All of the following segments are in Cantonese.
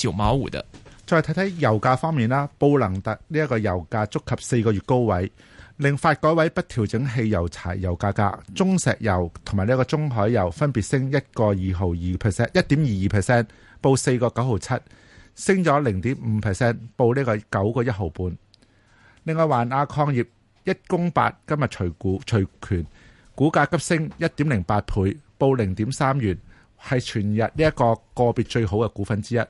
小馬虎的。再睇睇油價方面啦，布能特呢一個油價觸及四個月高位，令發改委不調整汽油柴油價格。中石油同埋呢一個中海油分別升一個二毫二 percent，一點二二 percent，報四個九毫七，升咗零點五 percent，報呢個九個一毫半。另外業業，環亞礦業一公八今日除股除權，股價急升一點零八倍，報零點三元，係全日呢一個個別最好嘅股份之一。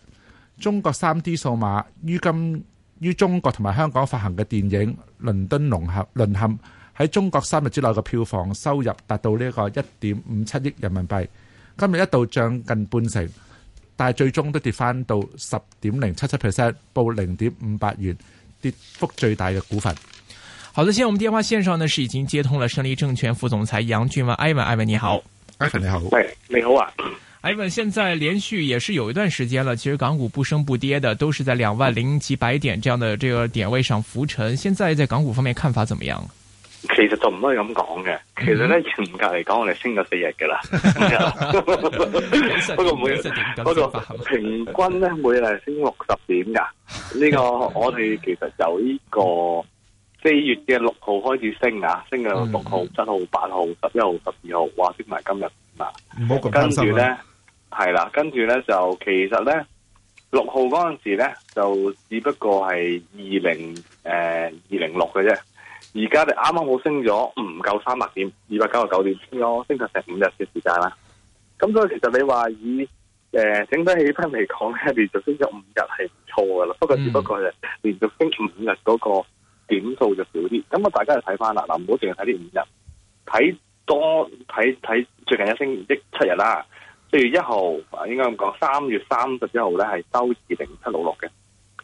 中國三 D 數碼於今於中國同埋香港發行嘅電影《倫敦淪陷》淪陷喺中國三日之內嘅票房收入達到呢個一點五七億人民幣，今日一度漲近半成，但係最終都跌返到十點零七七 percent，報零點五八元，跌幅最大嘅股份。好啦，現在我們電話線上呢是已經接通了勝利證券副總裁楊俊文，艾文艾文你好，艾文你好，喂，你好啊。ivan 現在連續也是有一段時間了，其實港股不升不跌的，都是在兩萬零幾百點這樣的這個點位上浮沉。現在在港股方面看法怎麼樣？其實就唔可以咁講嘅，其實咧，嚴格嚟講，我哋升咗四日噶啦。不過每嗰個平均咧， 每日升六十點噶。呢 個我哋其實由呢個四月嘅六號開始升啊，升到六號、七號、八號、十一號、十二號，哇，升埋今日啊，跟住咧。 係啦，跟住咧就其實咧六號嗰陣時咧就只不過係二零誒二零六嘅啫，而家就啱啱好升咗唔夠三百點，二百九十九點，升咗，升咗成五日嘅時間啦。咁所以其實你話以誒、呃、整體氣氛嚟講咧，連續升咗五日係唔錯噶啦，不過只不過係、嗯、連續升五日嗰個點數就少啲。咁啊，大家就睇翻啦，嗱唔好淨係睇呢五日，睇多睇睇最近一星即七日啦。四月一號，啊，應該咁講，三月三十一號咧係收二零七六六嘅，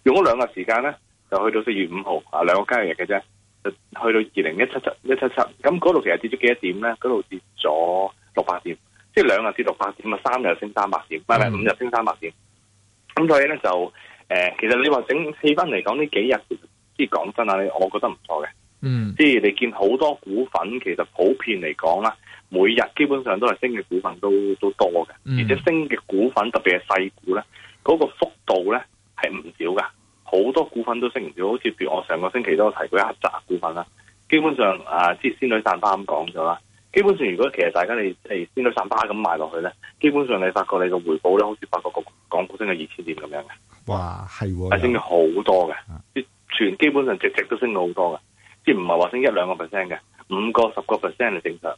用咗兩個時間咧就去到四月五號，啊，兩個交易日嘅啫，就去到二零一七七一七七，咁嗰度其實跌咗幾多點咧？嗰度跌咗六百點，即係兩日跌六百點啊，三日升三百點，咪咪五日升三百點。咁、mm. 所以咧就，誒、呃，其實你話整氣氛嚟講，呢幾日，即係講真啊，我覺得唔錯嘅，嗯，即係你見好多股份其實普遍嚟講啦。每日基本上都係升嘅股份都都多嘅，而且升嘅股份特別係細股咧，嗰、那個幅度咧係唔少噶，好多股份都升唔少。好似譬如我上個星期都有提過一扎股份啦，基本上啊，即係仙女散花咁講咗啦。基本上如果其實大家你誒、哎、仙女散花咁賣落去咧，基本上你發覺你嘅回報咧，好似發覺個港股升咗二千點咁樣嘅。哇，係，升了啊，升咗好多嘅，即係全基本上隻只都升咗好多嘅，即係唔係話升一兩個 percent 嘅，五個十個 percent 係正常。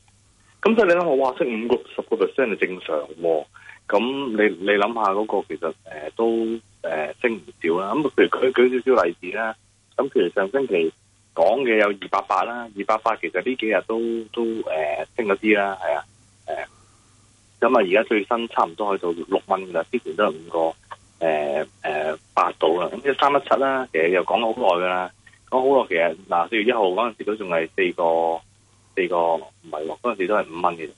咁即係你諗下，哇，升五個、十個 percent 係正常喎。咁你你諗下嗰個其實、呃、都、呃、升唔少啦。咁譬如舉少少例子啦。咁其實上星期講嘅有二百八啦，二百八其實呢幾日都都、呃、升咗啲啦，係啊、呃、咁啊而家最新差唔多去到六蚊㗎啦，之前都係五個誒誒八到啊。咁一三一七啦，其實又講咗好耐㗎啦，講好耐其實嗱四、呃、月一號嗰陣時都仲係四個。四個唔係喎，嗰陣時都係五蚊嘅，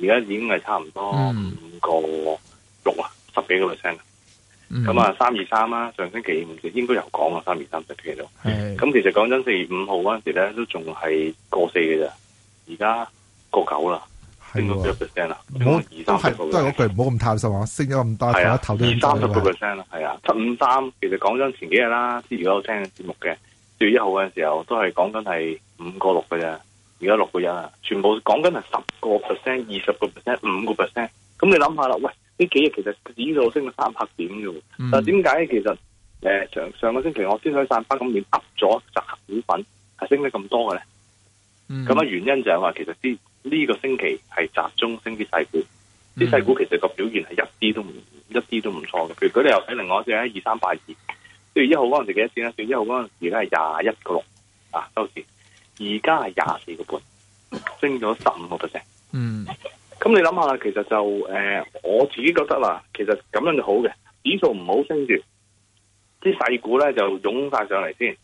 而家已經係差唔多、嗯、五個六啊，十幾個 percent。咁、嗯、啊，三二三啦，上星期五應該又講啊。三二三十幾度，咁其實講真，四月五號嗰陣時咧都仲係個四嘅啫，而家個九啦，升咗幾多 percent 啊？好二三十，都係嗰句，唔好咁貪心啊！升咗咁多，投一投都好啦。三十個 percent 啦，係啊，七五三。其實講真，前幾日啦，如果我有聽嘅節目嘅四月一號嘅時候，都係講緊係五個六嘅啫。而家六個人啊，全部講緊係十個 percent、二十個 percent、五個 percent。咁你諗下啦，喂，呢幾日其實指數升咗三百點嘅，嗯、但係點解其實誒、呃、上上個星期我先想散翻，咁變噏咗集股份係升得咁多嘅咧？咁啊、嗯、原因就係話，其實呢呢、這個星期係集中升啲細股，啲細、嗯、股其實個表現係一啲都唔一啲都唔錯嘅。譬如佢哋又睇另外一隻喺二三八二，三二月一號嗰陣時幾多錢啊？二月一號嗰陣時而家係廿一個六啊，收市。而家係廿四個半，升咗十五個 percent。嗯，咁你諗下，其實就誒、呃，我自己覺得啦，其實咁樣就好嘅，指數唔好升住，啲細股咧就湧晒上嚟先，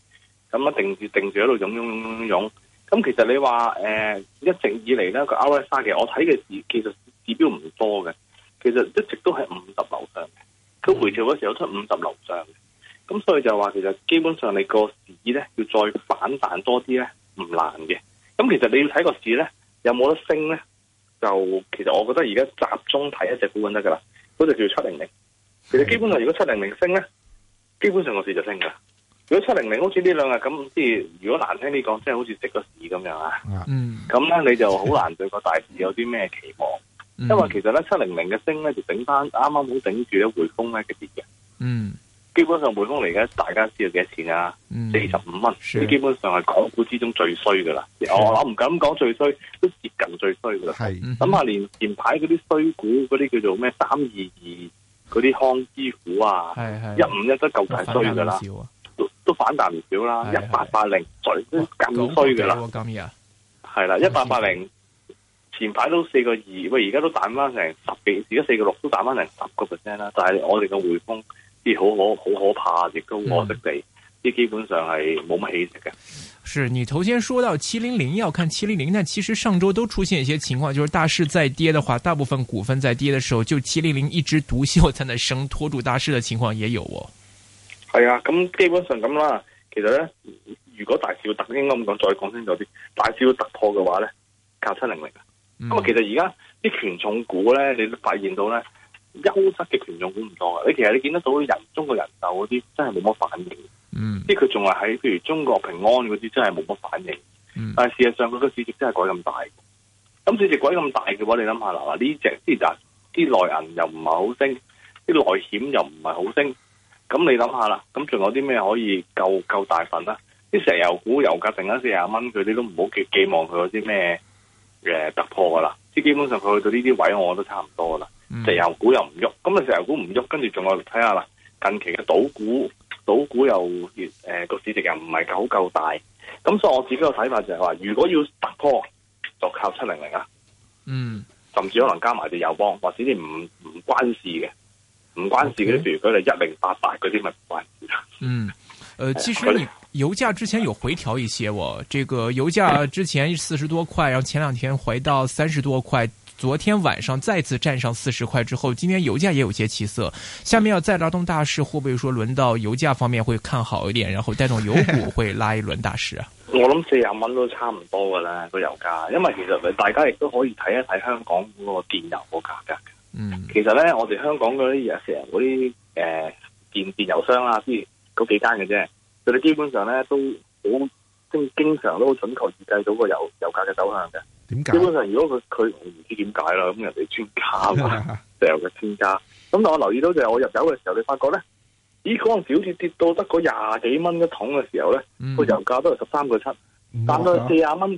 咁啊定住定住喺度湧湧湧湧涌，咁其實你話誒、呃，一直以嚟咧個 RSI 其嘅，我睇嘅指其實指標唔多嘅，其實一直都係五十樓上嘅，佢回調嗰時候出五十樓上嘅，咁所以就話其實基本上你個市咧要再反彈多啲咧。唔難嘅，咁、嗯、其實你要睇個市咧，有冇得升咧？就其實我覺得而家集中睇一隻股份得噶啦，嗰隻叫七零零。其實基本上如果七零零升咧，基本上個市就升噶。如果七零零好似呢兩日咁，即係如果難聽啲、這、講、個，即係好似食個屎咁樣啊。嗯，咁咧你就好難對個大市有啲咩期望，嗯、因為其實咧七零零嘅升咧就頂翻，啱啱好頂住咧回風咧嘅跌嘅。嗯。基本上匯豐嚟嘅，大家知道幾多錢啊？四十五蚊，基本上係港股之中最衰噶啦。我我唔敢講最衰，都接近最衰噶啦。咁下連前排嗰啲衰股，嗰啲叫做咩三二二，嗰啲康之股啊，係係一五一都夠大衰噶啦，都都反彈唔少啦。一八八零最咁衰噶啦，今日係啦一八八零前排都四個二，喂而家都彈翻成十幾，而家四個六都彈翻成十個 percent 啦。但係我哋嘅匯豐。啲好好可怕，亦都我識地，啲、嗯、基本上係冇乜起色嘅。是你頭先說到七零零，要看七零零，但其實上周都出現一些情況，就是大市在跌的話，大部分股份在跌的時候，就七零零一枝獨秀，才能升拖住大市的情況也有哦。係啊，咁基本上咁啦。其實咧，如果大市要突，應該咁講，再講清楚啲。大市要突破嘅話咧，靠七零零啊。咁啊、嗯，其實而家啲權重股咧，你都發現到咧。優質嘅權重股唔多嘅，你其實你見得到人中國人壽嗰啲真係冇乜反應，mm. 即係佢仲係喺譬如中國平安嗰啲真係冇乜反應，mm. 但係事實上佢個市值真係鬼咁大，咁市值鬼咁大嘅話，你諗下啦，呢隻即係就啲內銀又唔係好升，啲內險又唔係好升，咁你諗下啦，咁仲有啲咩可以夠夠大份啊？啲石油股油價淨翻四十蚊，佢哋都唔好寄寄望佢有啲咩誒突破噶啦，即係基本上佢去到呢啲位，我都差唔多噶啦。石油、嗯、股又唔喐，咁啊石油股唔喐，跟住仲有睇下啦。近期嘅賭股，賭股又越誒個市值又唔係夠夠大，咁所以我自己個睇法就係話，如果要突破，就靠七零零啊，嗯，甚至可能加埋隻友邦，或者啲唔唔關事嘅，唔關事嘅，譬如佢哋一零八八嗰啲咪唔關事啦。嗯，誒、呃，其實你油價之前有回調一些喎，我這個油價之前四十多塊，然後前兩天回到三十多塊。昨天晚上再次站上四十塊之後，今天油價也有些起色。下面要再拉動大市，會不會說輪到油價方面會看好一點，然後帶動油股會拉一輪大市啊？ 我諗四十蚊都差唔多噶啦個油價，因為其實大家亦都可以睇一睇香港嗰個電油個價格嘅。嗯，其實咧，我哋香港嗰啲日成嗰啲誒電電油商啊，啦，啲嗰幾間嘅啫，佢哋基本上咧都好經經常都很準確預計到個油油價嘅走向嘅。基本上如果佢佢唔知點解啦，咁人哋專家嘛，石油嘅專家。咁但我留意到就係我入油嘅時候，你發覺咧，咦嗰陣時好似跌到得嗰廿幾蚊一桶嘅時候咧，個、嗯、油價都係十三個七，但到四廿蚊，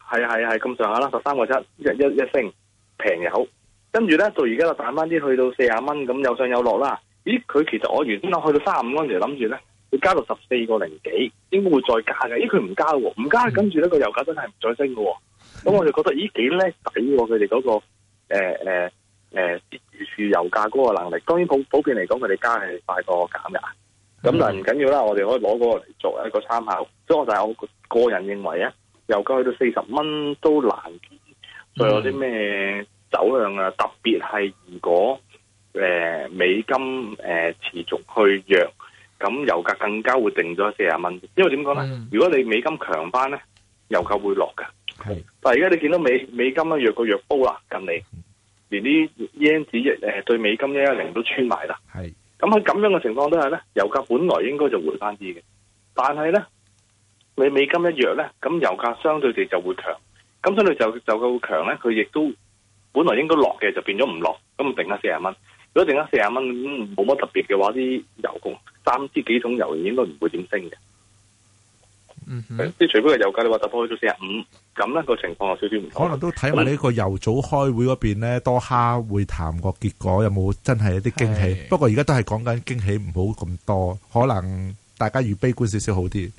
係啊係啊係咁上下啦，十三個七一一升平油。跟住咧到而家就彈翻啲去到四廿蚊，咁有上有落啦。咦，佢其實我原先去到三十五嗰陣時諗住咧，要加到十四個零幾，應該會再加嘅。咦，佢唔加喎，唔加，跟住呢個油價真係唔再升嘅。咁 我就覺得咦，幾叻仔喎，佢哋嗰個誒誒誒預視油價嗰個能力，當然普普遍嚟講，佢哋加係快過減噶。咁、嗯、但係唔緊要啦，我哋可以攞嗰個嚟作為一個參考。所以我就係我個人認為啊，油價去到四十蚊都難見，仲有啲咩走量啊？特別係如果誒、呃、美金誒、呃、持續去弱，咁油價更加會定咗四十蚊。因為點講咧？嗯、如果你美金強翻咧，油價會落噶。係，是但係而家你見到美美金咧弱過弱煲啦，近嚟連啲盎子誒對美金一一零都穿埋啦。係是，咁喺咁樣嘅情況都係咧，油價本來應該就回翻啲嘅，但係咧你美金一弱咧，咁油價相對地就會強。咁相對就就夠強咧，佢亦都本來應該落嘅就變咗唔落，咁定咗四十蚊。如果定咗四十蚊，咁冇乜特別嘅話，啲油共三支幾桶油應該唔會點升嘅。即除非個油價你話突破咗四十五，咁呢個情況有少少唔同，可能都睇埋呢個油組開會嗰邊咧多蝦會談個結果有冇真係一啲驚喜、的喜？不過而家都係講緊驚喜唔好咁多，可能大家預悲觀少少好啲。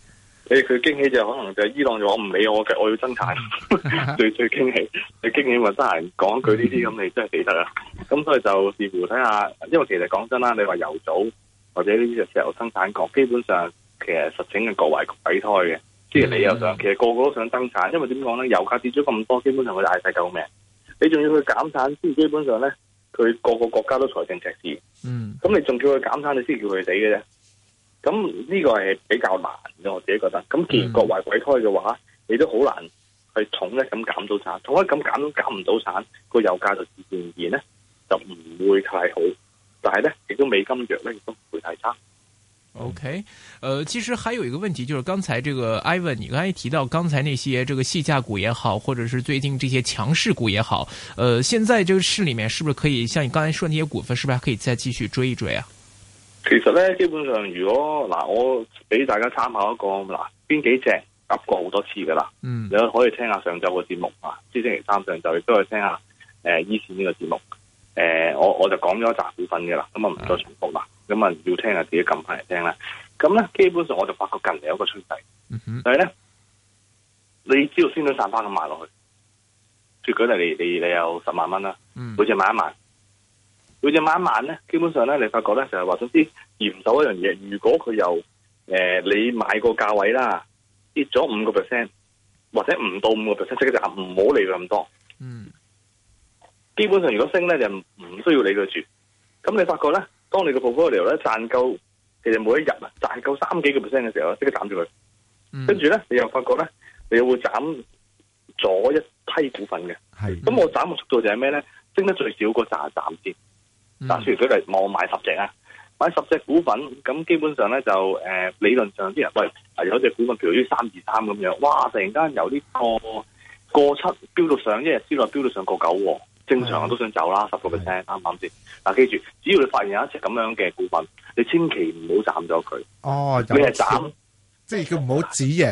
誒，佢驚喜就可能就伊朗咗唔理我嘅，我要增產 最最驚喜。你驚喜話得閒講佢呢啲咁， 你真係記得啦。咁所以就視乎睇下，因為其實講真啦，你話油組或者呢啲石油生產國基本上。其實實情係各懷鬼胎嘅，即係你又想，hmm. 其實個個都想增產，因為點講咧？油價跌咗咁多，基本上佢嗌晒救命，你仲要佢減產，基本上咧，佢個個國家都財政赤字，嗯、mm，咁、hmm. 你仲叫佢減產，你先叫佢死嘅啫。咁呢個係比較難嘅，我自己覺得。咁既然各懷鬼胎嘅話，你都好難去統一咁減到產，統一咁減減唔到產，個油價就自然咧就唔會太好。但係咧，亦都美金弱咧，亦都唔會太差。OK，呃、其實還有一個問題，就是剛才這個 Ivan，你剛才提到剛才那些這個細價股也好，或者是最近這些強勢股也好，呃現在這個市裏面是不是可以像你剛才說那些股份，是不是還可以再繼續追一追啊？其實呢，基本上如果嗱，我俾大家參考一個嗱，邊幾隻噏過好多次噶啦，嗯，你可以聽下上周嘅節目啊，即星期三上晝亦都可以聽一下誒、呃、依線呢個節目，誒、呃，我我就講咗一集股份嘅啦，咁啊唔再重複啦。嗯咁啊，就要聽下自己撳翻嚟聽啦。咁咧，基本上我就發覺近嚟有一個趨勢，但係咧、嗯哼，你知道先到散翻咁賣落去，最舉例嚟，你你有十萬蚊啦、嗯，每隻買一萬，每隻買一萬咧，基本上咧，你發覺咧就係話，總之，嚴守一樣嘢，如果佢又誒你買個價位啦跌咗五個 percent，或者唔到五個 percent，即係就唔好理佢咁多。嗯，基本上如果升咧就唔需要理佢住，咁你發覺咧？當你個 portfolio 咧賺夠，其實每一日啊賺夠三幾個 percent 嘅時候，即刻斬住佢。跟住咧，你又發覺咧，你又會斬咗一批股份嘅。咁的我斬嘅速度就係咩咧？升得最少嗰紮斬先。假設、嗯、如果嚟望我買十隻啊，買十隻股份，咁基本上咧就誒、呃、理論上啲人喂，有隻股份譬如啲三二三咁樣，哇！突然間由呢個個七飆到上一日，之內飆到上個九喎。正常我都想走啦，十個 percent 啱唔啱先？嗱的、啊，記住，只要你發現有一隻咁樣嘅股份，你千祈唔好斬咗佢。哦，你係斬，即係叫唔好止盈。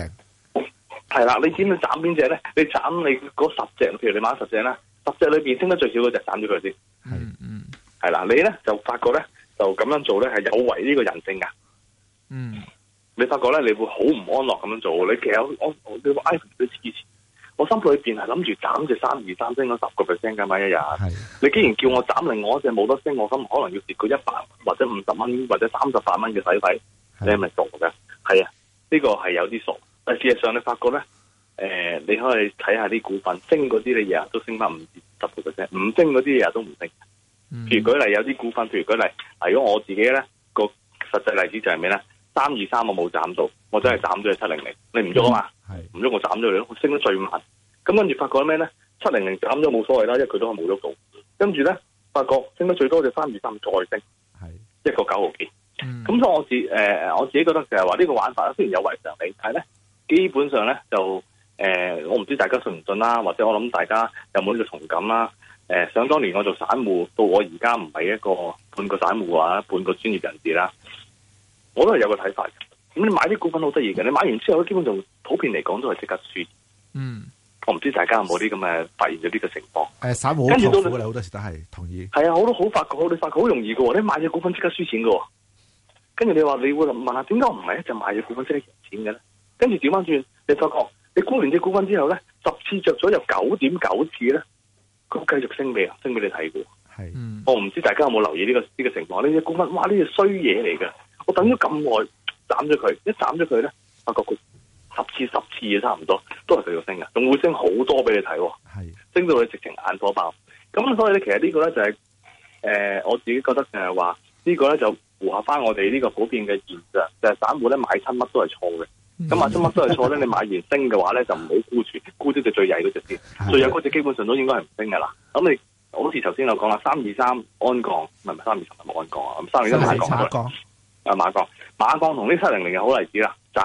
係啦，你點樣斬邊隻咧？你斬你嗰十隻，譬如你買十隻啦，十隻裏邊升得最少嗰隻，斬咗佢先。嗯嗯的，係啦，你咧就發覺咧，就咁樣做咧係有違呢個人性噶。嗯，你發覺咧你會好唔安樂咁樣做，你其實我，我你話 iPhone 都支持。哎我心裏邊係諗住斬隻三二三升咗十個 percent 嘅嘛。一日，的你既然叫我斬，另外一隻冇得升，我諗可能要蝕佢一百或者五十蚊或者三十八蚊嘅使費，你係咪傻嘅？係啊的，呢、這個係有啲傻。但事實上你發覺咧，誒、呃，你可以睇下啲股份，升嗰啲你日日都升翻五至十 percent，唔升嗰啲日日都唔升。譬、嗯、如舉例有啲股份，譬如舉例，例如我自己咧個實際例子就係咩咧？三二三我冇斬到，我真係斬咗去七零零，你唔喐啊嘛？係唔喐我斬咗你咯，我升得最慢。咁跟住發覺咩咧？七零零斬咗冇所謂啦，因為佢都係冇喐到。跟住咧發覺升得最多就三二三再升，係一個九毫幾。咁 1.、嗯、所以我自己誒我自己覺得就係話呢個玩法咧，雖然有違常理，但係咧基本上咧就誒、呃、我唔知大家信唔信啦，或者我諗大家有冇呢個同感啦？誒、呃、想當年我做散戶到我而家唔係一個半個散戶啊，半個專業人士啦。我都係有個睇法嘅，咁你買啲股份好得意嘅，你買完之後咧，基本上普遍嚟講都係即刻輸。嗯，我唔知大家有冇啲咁嘅發現咗呢個情況？跟住都你好多時都係同意。係啊，我都好發覺，我哋發覺好容易嘅喎，你買咗股份即刻輸錢嘅喎。跟住你話你會問，點解唔係咧？就買咗股份即刻贏錢嘅咧？跟住調翻轉，你發覺你沽完隻股份之後咧，十次着咗有九點九次咧，佢繼續升俾你啊，升俾你睇嘅。係、嗯，我唔知大家有冇留意呢、呢個呢、呢個情況？呢隻股份，哇，呢隻衰嘢嚟嘅。我等咗咁耐，斬咗佢，一斬咗佢咧，發覺佢十次十次嘅差唔多，都係佢要升嘅，仲會升好多俾你睇喎。係升到你直情眼火爆。咁所以咧，其實呢個咧就係、是、誒、呃、我自己覺得就係話呢個咧就符合翻我哋呢個普遍嘅現象，就係散戶咧買親乜都係錯嘅。咁、嗯、買親乜都係錯咧，你買完升嘅話咧，就唔好沽住，沽咗就最曳嗰隻先，最曳嗰隻基本上都應該係唔升噶啦。咁你好似頭先我講啦，三二三安降，唔係三二十安降啊，咁三二三係安降。啊馬鋼，馬鋼同呢七零零又好例子啦，斬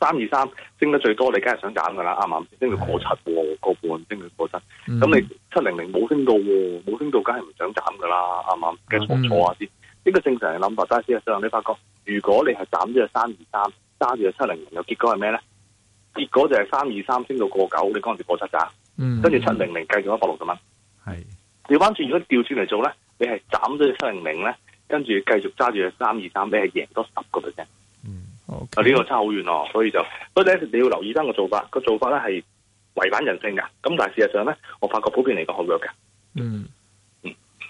三二三升得最多，你梗係想斬噶啦，啊，啱？升到過七個的半，升到過七，咁、嗯、你七零零冇升到，冇升到唔想斬，梗係唔想斬噶啦，啱？慢，繼續坐下先，呢、呢個正常嘅諗法。揸先。只上，你發覺如果你係斬咗隻三二三，揸住隻七零零，嘅結果係咩咧？結果就係三二三升到過九，你乾脆過七咋。跟住七零零繼續一百六十蚊。係調翻轉，如果調轉嚟做咧，你係斬咗隻七零零咧？跟住繼續揸住佢三二三，咩係贏多十個 percent？嗯，好啊，呢個差好遠哦，所以就不過咧，你要留意翻個做法，個做法咧係違反人性噶。咁但係事實上咧，我發覺普遍嚟講好 work 嘅。嗯。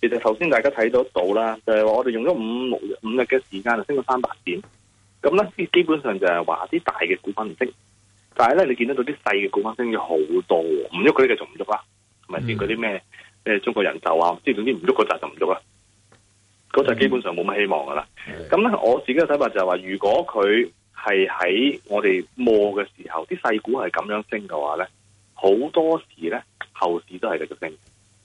其實頭先大家睇到到啦，就係話我哋用咗五六五日嘅時間啊，升咗三百點，咁咧基基本上就係話啲大嘅股份唔升，但係咧你見得到啲細嘅股份升咗好多，唔喐嗰啲就唔喐啦，同埋啲嗰啲咩，咩咩中國人壽啊，即係總之唔喐嗰隻就唔喐啦，嗰隻基本上冇乜希望噶啦。咁咧、嗯、我自己嘅睇法就係話，如果佢係喺我哋摸嘅時候，啲細股係咁樣升嘅話咧，好多時咧後市都係繼續升，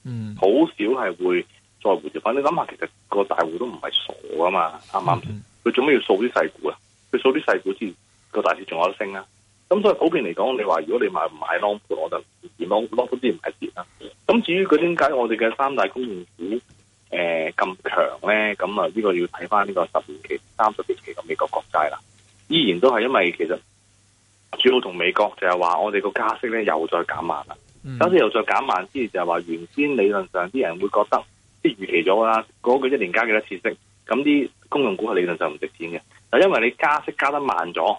嗯，好少係會。再回調，反正諗下，其實個大戶都唔係傻啊嘛，啱唔啱？佢做咩要掃啲細股啊？佢掃啲細股之個大市仲有得升啊！咁所以普遍嚟講，你話如果你買唔買 long 盤，我就唔要 long 盤唔係跌啦。咁至於佢點解我哋嘅三大公用股誒咁強咧？咁啊，呢個要睇翻呢個十年期三十年期嘅美國國債啦。依然都係因為其實主要同美國就係話，我哋個加息咧又再減慢啦。加息、嗯、又再減慢之，就係話原先理論上啲人會覺得。即預期咗啦，嗰個一年加幾多次息，咁啲公用股係理論上唔值錢嘅。嗱，因為你加息加得慢咗，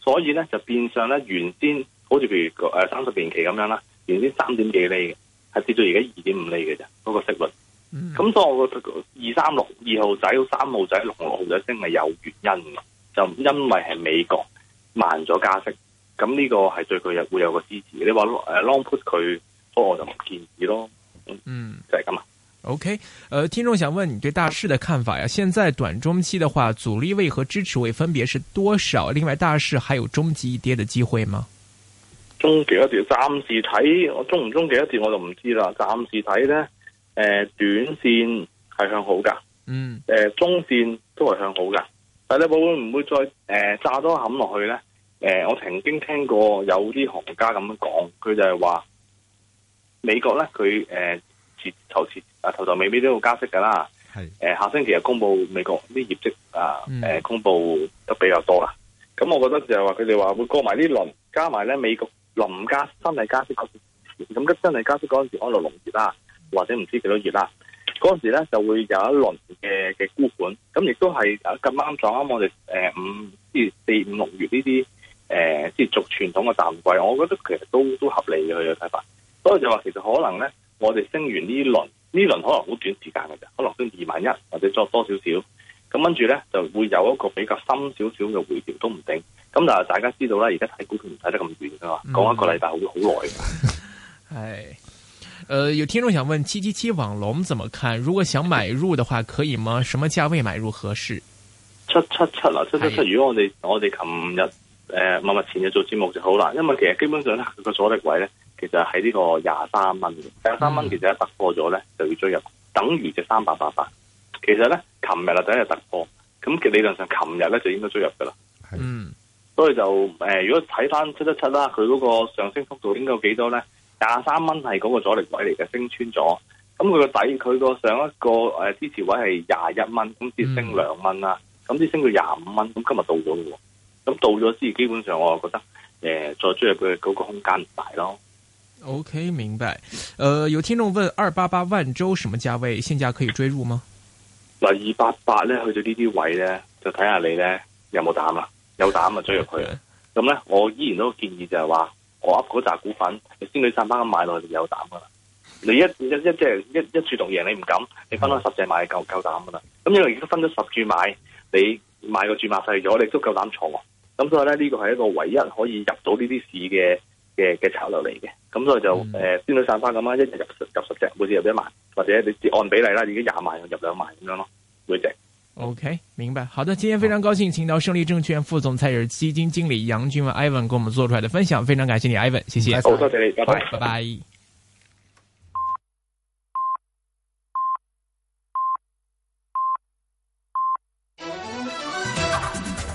所以咧就變相咧原先好似譬如誒三十年期咁樣啦，原先三點幾厘嘅，係跌到而家二點五厘嘅啫，嗰個息率。咁、嗯、所以我覺得二三六二號仔、三號仔、六六號仔升係有原因嘅，就因為係美國慢咗加息，咁呢個係對佢有會有個支持。你話誒 long put 佢，不過我就唔建議咯。是這樣嗯，就係咁啊。O K，誒，聽眾想問你對大市的看法呀？現在短中期的話，阻力位和支持位分別是多少？另外，大市還有終極一跌的機會嗎？終極一跌，暫時睇我終唔終極一跌我就唔知啦。暫時睇咧，誒、呃，短線係向好噶，嗯，誒，中線都係向好噶。但係咧，會唔會再誒炸、呃、多冚落去咧？誒、呃，我曾經聽過有啲行家咁樣講，佢就係話美國咧，佢誒。呃頭次啊，頭頭尾尾都要加息噶啦，係誒是，下星期公布美國啲業績啊，誒、呃，公布得比較多啦。咁、嗯、我覺得就係話佢哋話會過埋呢輪，加埋咧美國林加新例加息時，咁啲新例加息嗰陣時可能六月啦，或者唔知幾多月啦，嗰陣時咧就會有一輪嘅嘅沽盤，咁亦都係咁啱撞啱我哋誒、呃、五二四,四五六月呢啲誒，即係逐傳統嘅淡季，我覺得其實都都合理嘅佢嘅睇法，所以就話其實可能咧。我哋升完呢輪，呢輪可能好短時間嘅啫，可能升二萬一或者再多少少，咁跟住咧就會有一個比較深少少嘅回調都唔定。咁但係，大家知道啦，而家睇股票唔睇得咁遠嘅嘛，講一個禮拜會好耐嘅。係、嗯，誒 哎呃、有聽眾想問七七七網龍怎麼看？如果想買入嘅話，可以嗎？什麼價位買入合適？七七七啦，七七七！如果我哋的我哋琴日誒默默前日做節目就好啦，因為其實基本上咧佢個阻力位咧。其實喺呢個廿三蚊嘅，廿三蚊其實一突破咗咧就要追入，嗯、等於就三百八八。其實咧，琴日就已經係突破，咁嘅理論上，琴日咧就應該追入噶啦。嗯的，所以就誒、呃，如果睇翻七七七啦，佢嗰個上升幅度應該有幾多咧？廿三蚊係嗰個阻力位嚟嘅，升穿咗。咁佢個底，佢個上一個誒支持位係廿一蚊，咁先升兩蚊啦，咁先、嗯、升到廿五蚊，咁今日到咗喎，咁到咗之後基本上我覺得誒、呃、再追入佢嗰個空間唔大咯。O、okay, K，明白。誒、呃，有聽眾問二八八萬州什麼價位，現價可以追入嗎？嗱，二八八咧去到呢啲位咧，就睇下你咧有冇膽啦、啊。有膽咪、啊、追入佢。咁咧 Okay.、嗯，我依然都個建議就係話，我握嗰扎股份，你先去三班咁買落，去就有膽噶啦。你一一一即一一注獨贏，你唔敢，你分開十隻買夠，夠夠膽噶啦。咁、嗯、因為而家分咗十注買，你買個注碼細咗，你都足夠，夠膽坐。咁、嗯、所以咧，呢、這個係一個唯一可以入到呢啲市嘅。嘅嘅策略嚟嘅，咁所以就誒，嗯、先到散翻咁啦，一、就、日、是、入，入十入十隻，每次入一萬，或者你按比例啦，已經廿萬入兩萬咁樣咯，每隻。OK，明白，好的，今天非常高興，請到勝利證券副總裁、也是基金經理楊俊文 Ivan 跟我們做出來的分享，非常感謝你 Ivan，謝謝。好、哦、多謝你，拜拜。